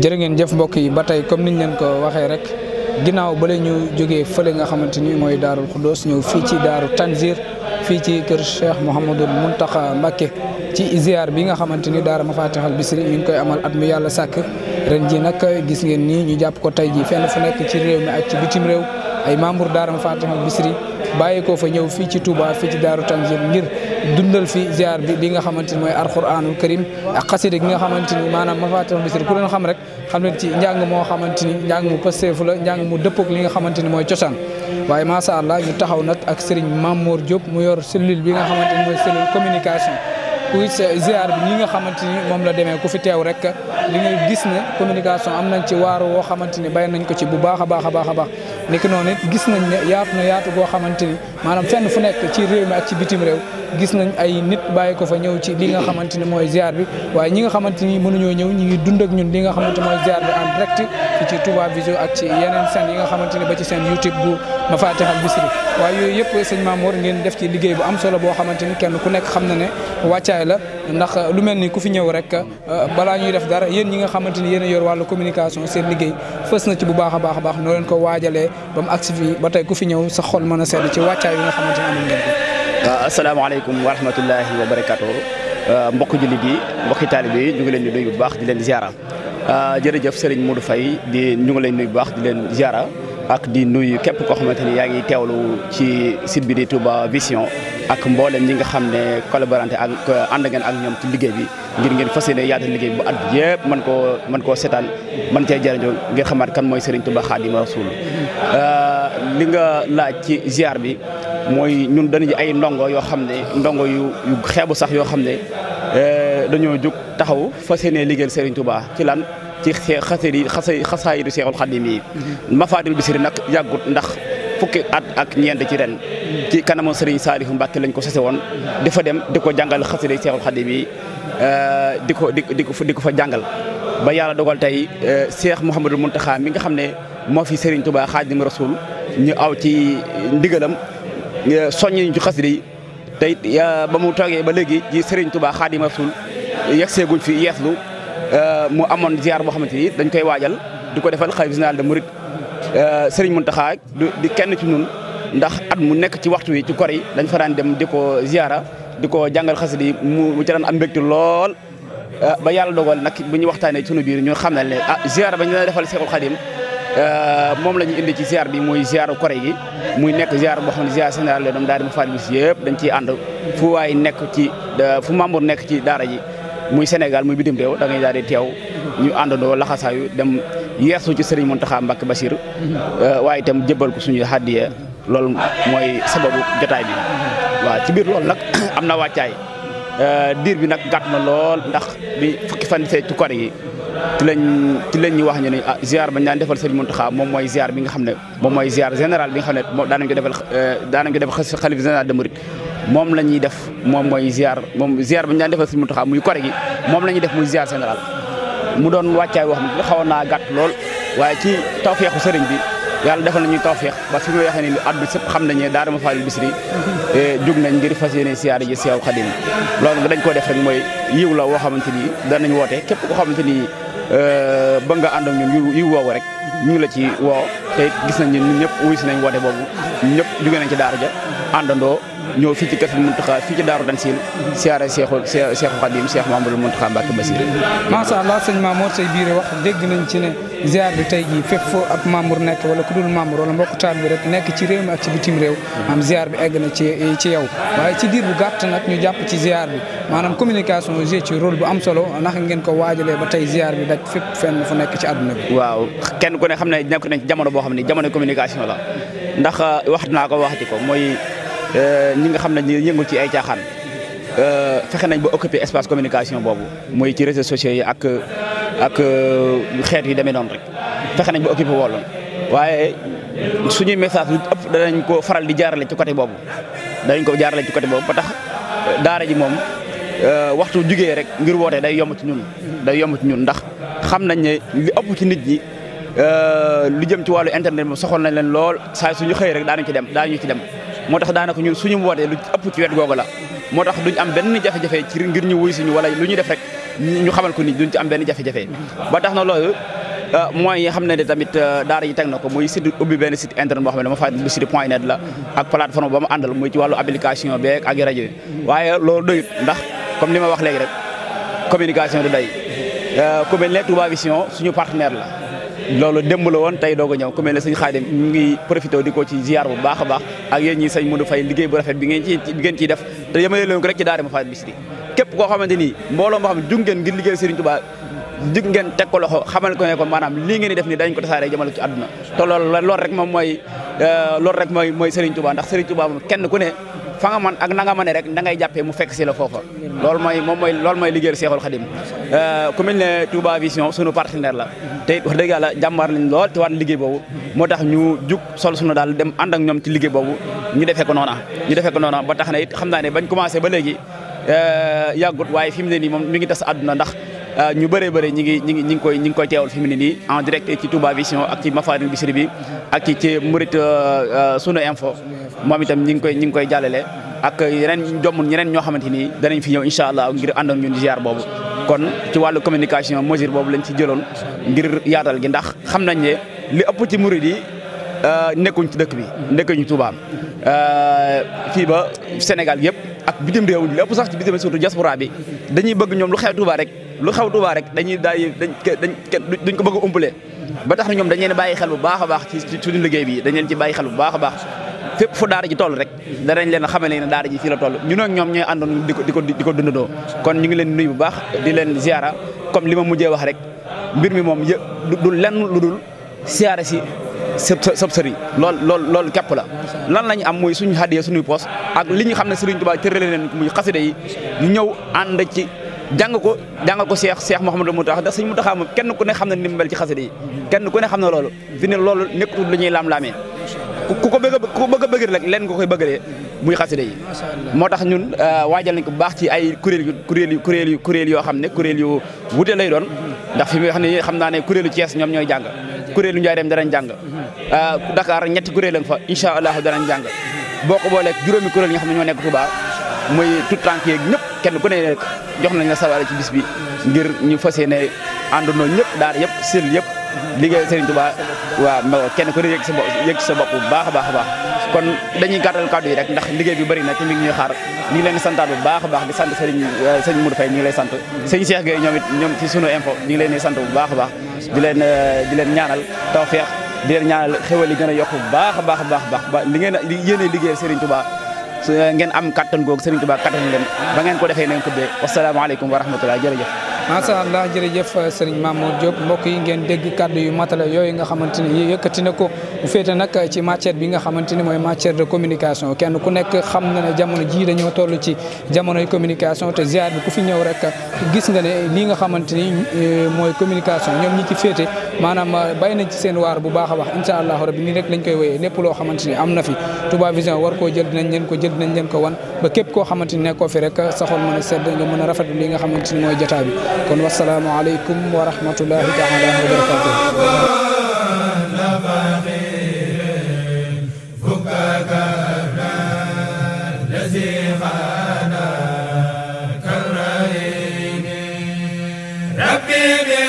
jërë ngeen jëf mbokk yi ba tey comme niñ leen ko waxee rek ginnaaw ba la ñu jógee fële nga xamante ni mooy daarul Xuddoos ñëw fii ci daaru Tanzir fii ci kër Cheikh Mouhamadul Mountakha Mbacké ci ziar bi nga xamante ni daara Mafatihul Bichri mi ngi koy amal at mu yàlla sàkk ren ji nag gis ngeen nii ñu jàpp ko tey ji fenn fu nekk ci réew mi ak ci bitim réew ay membre ma Mafatihul Bichri bàyyi ko fa ñëw fii ci Touba fii ci Daaru Tanzil ngir dundal fi ziar bi li nga xamante ni mooy alquranul karim ak xasida gi nga xamante ni maanaam mafatihul bichri ku leen xam rek xam ne ci njàng moo xamante ni njàng mu la njàng mu dëppook li nga xamante ni mooy cosaan waaye macha allah ñu taxaw nag ak Serigne Mamour Diop mu yor cellule bi nga xamante ni mooy cellule communication kuy ziar bi ñi nga xamante ni moom la demee ku fi teew rek li ngay gis ne communication am nañ ci waaru woo xamante ni bay nañ ko ci bu baax a baax a baax a baax niki noonu gis nañ ne yaatu na yaatu goo xamante ni maanaam fenn fu nekk ci réew mi ak ci bitim réew gis nañ ay nit bàyyi ko fa ñëw ci li nga xamante ni mooy ziar bi waaye ñi nga xamante ni mënuñoo ñëw ñi ngi dund ñun li nga xamante mooy ziar bi en direct fi yeneen seen yi nga xamante ni ba ci seen YouTube bu Mafatihul Bichri waaye yooyu yëpp sëñ Mamour ngeen def ci liggéey bu am solo boo xamante ni kenn ku nekk xam na ne wàccaay la ndax lu mel ni ku fi ñëw rek euh, balaa ñuy def dara yéen ñi nga xamante ni yéen yor wàllu communication seen liggéey fës na ci bu baax a baax a baax noo leen ko waajale ba mu agsi fii ba tey ku fi ñëw sa xol mana a sedd ci wàccaay yi nga xamante ne amoon ngeen ko. asalaamaaleykum wa rahmatullahi wa barakaatu ah, mbokk jullit yi mbokki taalibe yi ñu ngi leen di nuyu bu baax di leen ziara ah, jërëjëf Serigne Modou Faye di ñu ngi leen nuyu baax di leen ziara ak di nuyu képp koo xamante ni yaa ngi teewlu ci site di tuba Vision. ak mboolem ñi nga xam ne collaborante ak ànd ngeen ak ñoom ci liggéey bi ngir ngeen fas yéene yaatal liggéey bi bu at bi yëpp mën koo mën koo seetaan mën cee jëriñoo ngir xamaat kan mooy Serigne Touba Khadim Rasoul euh, li nga laaj ci ziar bi mooy ñun dañuy ay ndongo yoo xam ne ndongo yu yu xeebu sax yoo xam ne euh, dañoo jóg taxaw fas yéene liggéeyal Serigne Touba ci lan ci xasee yi xasee xasaayidu Seexul Xadim yi. Mm-hmm. Mafaatihul Bichri nag yàggut ndax fukki at ak ñeent ci ren. ci kanamu Serigne Saliou Mbacke lañ ko sase woon dafa dem di ko jàngal xasida Seexul Xadim bi di ko di di ko di ko fa jàngal ba yàlla dogal tey euh, Cheikh Mouhamadul xaa mi nga xam ne moo fi Serigne Touba Xaadimu Rasuul ñu aw ci ndigalam euh, soññi ñu ci xasida yi tey ba mu toogee ba léegi ci Serigne Touba Xaadimu Rasuul yegseeguñ fi yeeslu euh, mu amoon ziar boo xamante ni dañ koy waajal di ko defal xalifa général de sëriñ Serigne Mountakha di kenn ci ñun. ndax at mu nekk ci waxtu wi ci kor yi dañ fa daan dem di ko ziara di ko jàngal xasida yi mu ci daan am mbégte lool euh, ba yàlla dogal nag bu ñu waxtaanee sunu biir ñu xamal ne ah ziara ba ñu daan defal Seexul Xadim euh, moom la indi ci ziar bi muy ziaru kore gi muy nekk ziar boo xam ne ziar général la doom daal di ma faat bis yëpp dañ ciy ànd fu waay nekk ci fu membre nekk ci daara ji muy Sénégal muy bitim réew da ngay daal di teew ñu àndandoo laxasaayu dem yeesu ci Serigne Mountakha Mbacké Bachir mm-hmm. euh, waaye jëbal ko suñu hadiya loolu mooy sababu jotaay bi waaw ci biir loolu nag am na wàccaay euh, diir bi nag gàtt na lool ndax bi fukki fan feetu kor yi ci lañ ci lañ ñu wax ñu ne ah ziar bañ daan defal sëriñ Mountakha moom mooy ziar bi nga xam ne moom mooy ziar général bi nga xam ne moom daanañ ko defal euh, daanañ ko defal xalif moom la ñuy def moom mooy ziar moom ziar bañ daan defal sëriñ Mountakha muy kor gi moom lañuy def muy si ziar général mu doon wàccaay wax ne xawoon naa gàtt lool waaye ci tawfeexu sëriñ bi yàlla defal nañu tawféex ba fi ma waxee ni lu àdduna sëpp xam nañu ne daara ma faalu bisri eh, jóg nañ ngir fas yéene siyaare ji Seexul Xadim loolu dañ ko def rek mooy yiw la woo xamante ni danañ woote képp koo xamante ni eh, ba nga ànd ak ñun yiw woowu rek ñu la ci woo te gis nañ ñun ñëpp wuy si nañ woote boobu ñëpp jóge nañ ci daar ja àndandoo ñëw fii ci kër Mountakha fii ci Daaru Tansil siyaare Seexul Seexu Xadim Seex Mamadou Mountakha Mbacke Basir allah sëñ Mamour say biir wax dégg nañ ci ne ziar bi tey jii fépp foo ab membre nekk wala ku dul membre wala mbokk taal bi rek nekk ci réew mi ak ci bitim réew am ziar bi egg na ci ci yow waaye ci diir bu gàtt nag ñu jàpp ci ziar bi maanaam communication joué ci rôle bu am solo naka ngeen ko waajalee ba tey ziar bi daj fépp fenn nekk ci àdduna bi waaw kenn ku ne xam ne nekk nañ ci jamono boo xam ne jamono communication la ndax wax naa ko waxati ko mooy Euh, ñi nga xam ne ñu yëngu ci ay caaxaan euh, fexe nañ ba occuper espace communication boobu muy ci réseaux sociaux yi ak ak euh, xeet yi demee noonu rek fexe nañ ba occuper wooloon waaye suñuy message yu ëpp danañ ko faral di jaarale ci côté boobu danañ ko jaarale ci côté boobu ba tax daara ji moom waxtu jugee rek ngir woote day yomb ci day yomb ñun ndax xam nañ ne li ëpp ci nit ñi lu jëm ci wàllu internet moom soxal nañ leen lool saa suñu xëy rek daañu ci dem daañu ci dem moo tax daanaka ñun suñu wootee lu ëpp ci wet googu la moo tax duñ am benn jafe-jafe ngir ñu wuy suñu wala lu ñu def rek ñu xamal ko nit duñ ci am benn jafe-jafe ba tax na loolu euh, mooy yi xam ne ne tamit euh, daara yi teg na ko muy site ubbi benn site internet boo xam ne dama fàttali site point net la ak plateforme ba mu àndal muy ci wàllu application beeg ak rajo yi waaye loolu doyut ndax comme li ma wax léegi rek communication du day euh, ku mel ne Touba suñu partenaire la loolu démb la woon tey doog a ñëw ku mel ne ngi profité ci ziar bu baax a baax ak yéen ñi sëñ Modou Faye liggéey bu rafet bi ci def te yemale leen rek ma ni mbooloo moo xam jug ngeen ngir liggéey Serigne Touba jug ngeen teg ko loxo maanaam lii ngeen di def ni dañ ko tasaare jëmale ci àdduna te loolu loolu rek moom mooy euh, loolu rek mooy mooy Serigne Touba ndax Serigne Touba moom kenn ku ne fa man ak na nga rek nangay ngay jàppee mu fekk si la foofa loolu mooy moom mooy loolu mooy liggéeyal Seexul Xadim euh, ku mel ne Touba Vision sunu partenaire la te it wax dëgg yàlla jàmbaar lañ lool te waan liggéey boobu moo tax ñu jug sol sunu daal dem ànd ak ñoom ci liggéey boobu ñu defee ko noona ñu defee ko noona ba tax na it xam naa ne bañ commencé ba léegi euh, yàggut waaye fi mu ne nii moom mi ngi tas àdduna ndax Euh, ñu bëree bëri ñi ngi ñi ngi ñi ngi koy ñi ngi koy teewal fi mu ni nii en direct ci Touba Vision ak ci Mafarin Bichri bi ak ci ci Murit euh, euh, Sunu Info moom itam ñi ngi koy ñi ngi koy jàllale ak yeneen jomm ñeneen ñoo xamante ni danañ fi ñëw incha allah ngir ànd ak ñun boobu kon ci wàllu communication mesure boobu lañ ci jëloon ngir yaatal gi ndax xam nañ ne li ëpp ci murit yi nekkuñ ci dëkk bi nekkuñu Touba fii ba Sénégal yëpp ak bitim réew li ëpp sax ci bitim surtout bi dañuy bëgg ñoom lu xew Touba rek lu xew Touba rek dañuy daay ko bëgg a umpalee ba tax na ñoom dañ leen bàyyi xel bu baax a baax ci suñu liggéey bi dañ leen ci bàyyi xel bu baax a baax fu daara ji toll rek danañ leen xamal ne daara ji fii la tool ñu ak ñoom ñooy àndoon di ko di ko di ko dundandoo kon ñu ngi leen nuyu bu baax di leen ziara comme li ma mujjee wax rek mbir mi moom du lenn lu dul siyaare si sëb sëb sëriñ lool lool loolu képp la lan lañu am mooy suñu xàddiyee suñuy poos ak li ñu xam ne Sëriñ Tuubaa tërale leen muy xasida yi ñu ñëw ànd ci jàng ko jàngal ko seex Cheikh Cheikh Mouhamadou Mountakha ndax sëñ Mountakha moom kenn ku ne xam na ni mu mel ci xasida yi kenn ku ne xam na loolu fi ne loolu nekkatul lu ñuy laam-laamee ku ko bëgg ku bëgg a bëgg rek leen nga koy bëggalee muy xasida yi moo tax ñun euh, waajal nañ ko bu baax ci ay kuréel yu kuréel yu kuréel yu kuréel yoo xam ne kuréel yu wute lay doon ndax fi muy wax xam naa ne kuréelu Thiès ñoom ñooy jàng kuréelu Njaareem danañ jàng euh, Dakar ñetti kuréel lañ fa incha allah danañ jàng boo ko booleeg juróomi kuréel yi ñoo nekk Touba muy tout tànk yeeg ñëpp kenn ku ne jox nañ la sawara ci bis bi ngir ñu fas yéene àndandoo ñëpp daara yëpp sel yëpp liggéey Serigne Touba waa ma kenn ku ne yëg sa bopp yëg sa bopp bu baax a baax a kon dañuy gàttal kàddu yi rek ndax liggéey bi bëri na te mi ñuy xaar ni ngi leen santaat bu baax a baax di sant Serigne euh, Serigne Modou Faye ñu ngi lay sant Serigne Cheikh Gueye ñoom it ñoom ci sunu info ñu leen di sant bu baax baax di leen euh, di leen ñaanal tawfeex di leen ñaanal xéwal yi gën a yokk bu baax a baax a baax baax li ngeen yéene liggéey Serigne Touba ngeen am kattan googu Serigne Touba kattan ngeen ba ngeen ko defee neen ko bee wasalaamaaleykum wa rahmatulah jërëjëf macha allah jërëjëf euh, sëriñ Mamour Diop mbokk yi ngeen dégg kàddu yu matala yooyu nga xamante ni yëkkati na ko bu féete nag ci matière bi nga xamante ni mooy matière de communication kenn ku nekk xam na ne jamono jii dañoo toll ci jamonoy communication te ziar bi ku fi ñëw rek gis nga ne lii nga xamante ni euh, mooy communication ñoom ñi ci féete maanaam euh, bay nañ ci seen waar bu baax a wax incha allah rabbi nii rek lañ koy wéyee lépp loo xamante ni am na fi Touba Vision war koo jël leen ko jëld dinañ leen ko wan ba képp koo xamante ni nekkoo fi rek sa xol mën a sedd nga mën a rafetlu li nga xamante mooy jotaay kon wasalaamu aleykum wa rahmatullahi taala wa barakatuh Rabbi